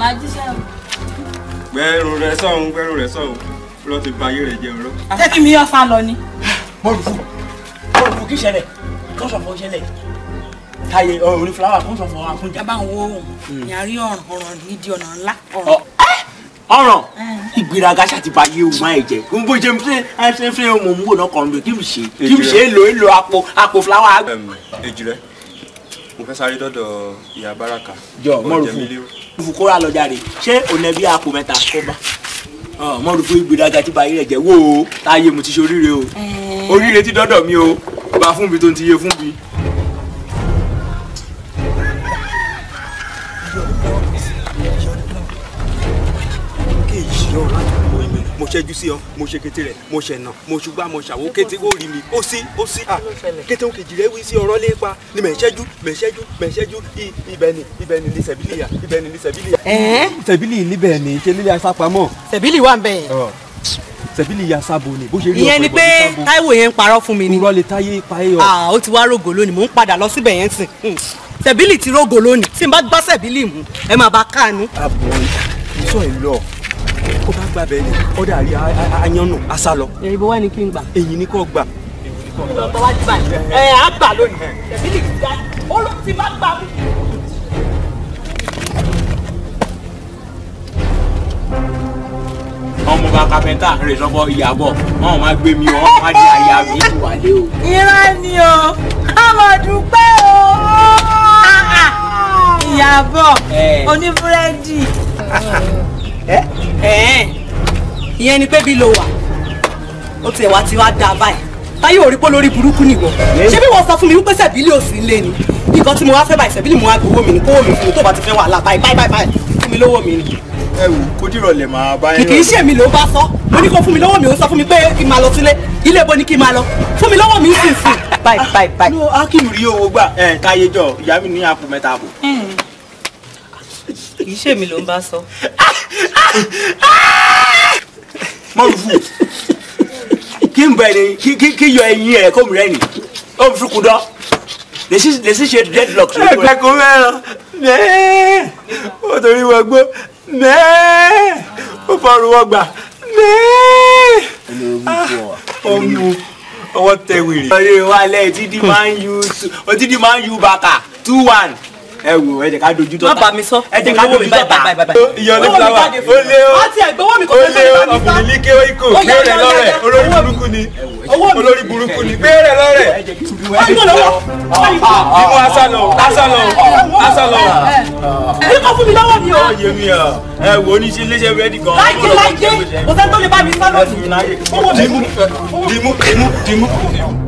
máa jíṣẹ́ o. gbẹ́rù rẹ sọ̀hún gbẹ́rù rẹ sọ̀hún ló ti ba ayé rẹ jẹ́ ọ̀rọ̀. jẹ́ kí mi yọ fa lọ ni. bọ́ọ̀lù fún bọ́ọ̀lù fún kí ṣẹlẹ̀ kí wọ́n sọ̀fọ̀ ṣẹlẹ̀ tayé orí fúláwà kí wọ́n sọ̀fọ̀ àkúnjà. yaba ń wo òun ní a rí ọ̀ràn ọ̀ràn nídi ọ̀nà ńlá ọ̀ràn. ọ̀ràn ìgbéraga ṣàti ba yé òun ẹ̀ jẹ́ n bó jẹ́ ẹ fẹ́ fẹ́ mọ̀ mú bò náà kàn ló kí mi ṣe kí mi ṣe é lo lo àpò àpò fúláwà. èjì rẹ mo fẹ́ sáré dọ́dọ̀ ìyá báràkà. jọ mọ̀rùfù mọ̀rùfù kóra lọ jàre ṣé ònẹ́bí àpò mẹ́ta kó bá mọ̀rùfù ìgbéraga tí báyìí rẹ̀ jẹ́ wò táyé mo ti ṣe oríire o oríire ti dọ́dọ̀ mi o bá fún mi tó ń ti yé fún mi. lọ́rùn mo ìmì mo ṣẹ́jú sí ọ mo ṣe kété rẹ̀ mo ṣẹ̀nà mo ṣùgbọ́n mo ṣàwó kété ó rí mi ó sí ó sí à ah, kété ó kejì rẹ̀ wí sí ọ̀rọ̀ lépa ni mẹ̀ ṣẹ́jú mẹ̀ ṣẹ́jú mẹ̀ ṣẹ́jú ibẹ̀ ni ibẹ̀ ni ni sẹ̀bílì yà ibẹ̀ ni ni sẹ̀bílì yà. sẹ̀bílì níbẹ̀ ni ṣe lílé asápamọ́. sẹ̀bílì wà ń bẹ̀ yẹn sẹbílì ya sábò ni bó ṣe rí ọ̀pọ̀ ìbọn sábò ìyẹn ni pé táíwò yẹn ń parọ́ fún mi ni irọ́ lè táyé pa é yọ. Ah, ó ti wá rògò lónìí mò ń padà lọ síbẹ̀ yẹn sìn hmm. sẹbílì ti rògò lónìí tí n bá gbá sẹbílì mú ẹ máa bá káàánú. àbọ̀ ìyá ìlọ kò bá gba bẹ́ẹ̀ ni ọ̀dà àrí ayannu asá lọ. èyìnbó wá kí n gbà. èyí ni kò gbà. ìlọ̀tọ̀ bá gbà rẹ̀ sọ́kọ́ ìyàbọ̀ wọn ò máa gbé mi wọn wá di àyà mi wálé o. irọ́ ni o amọ̀dúpẹ́ o ah, ah. ìyàbọ̀ oníbúrẹ́dì. Eh? Eh. ìyẹn ni pé bí lo wà ó tiẹ̀ wá ti wá dáa báyìí táyé ò rí pé lórí burúkú nìwọ ṣé bí wọ́n sọ fún mi wípé sẹ́bílì ò sí lé ni nǹkan tí mo wá fẹ́ báyìí sẹ́bílì mo wá gbowó mi ni kówó mi fún mi tó bá ti fẹ́ wàhálà báyìí báyìí báyìí fún mi lówó mi ni. ẹ wò kó dìrọ̀lẹ̀ máa bá yín. kìkì í ṣèmi ló bá sọ mo ní kó fún mi lówó mi ò sọ fún mi pé kí n máa lọ sílé ilé ibo ni kí n máa lọ fún mi lówó mi ń sìn sìn. báyìí báyìí báyìí. no akim rí owó gbà ẹ mọ̀rùfù kí n bẹ̀rẹ̀ kí yọ ẹyin ẹ̀ kó mi rẹ̀ ni ó ń fúrukú dọ́ lè sì ṣe dreadlock lórí rẹ̀. ẹ̀ka kò mẹ́ràn mẹ́ẹ̀ ó torí wọ́n gbó mẹ́ẹ̀ ó fọrùn wọ́n gbà mẹ́ẹ̀ ọmọ ah, ọwọ́ tẹ wèrè. ọ̀rẹ́ wa lẹ́yìn títí máa ń yú bàtà two one ẹ wò ẹ jẹ ká dojú dọta má bà mí sọ ẹ jẹ ká dojú dọta ìyọlẹ fúláwà ó lé ó ó lé ó ọkùnrin ní ké ikò gbére lọrẹ olórí burúkú ni olórí burúkú ni gbére lọrẹ ìmú asálọ asálọ asálọ. èyí kò fún mi lọ́wọ́ mi o. ọ̀yẹ́ mi ọ̀ ẹ wò ó ní ṣe iléeṣẹ́ búrẹ́dì kan. láìké láìké kò sẹ́ni tó lè bá mi sálọ̀. dìmú dìmú dìmú dìmú.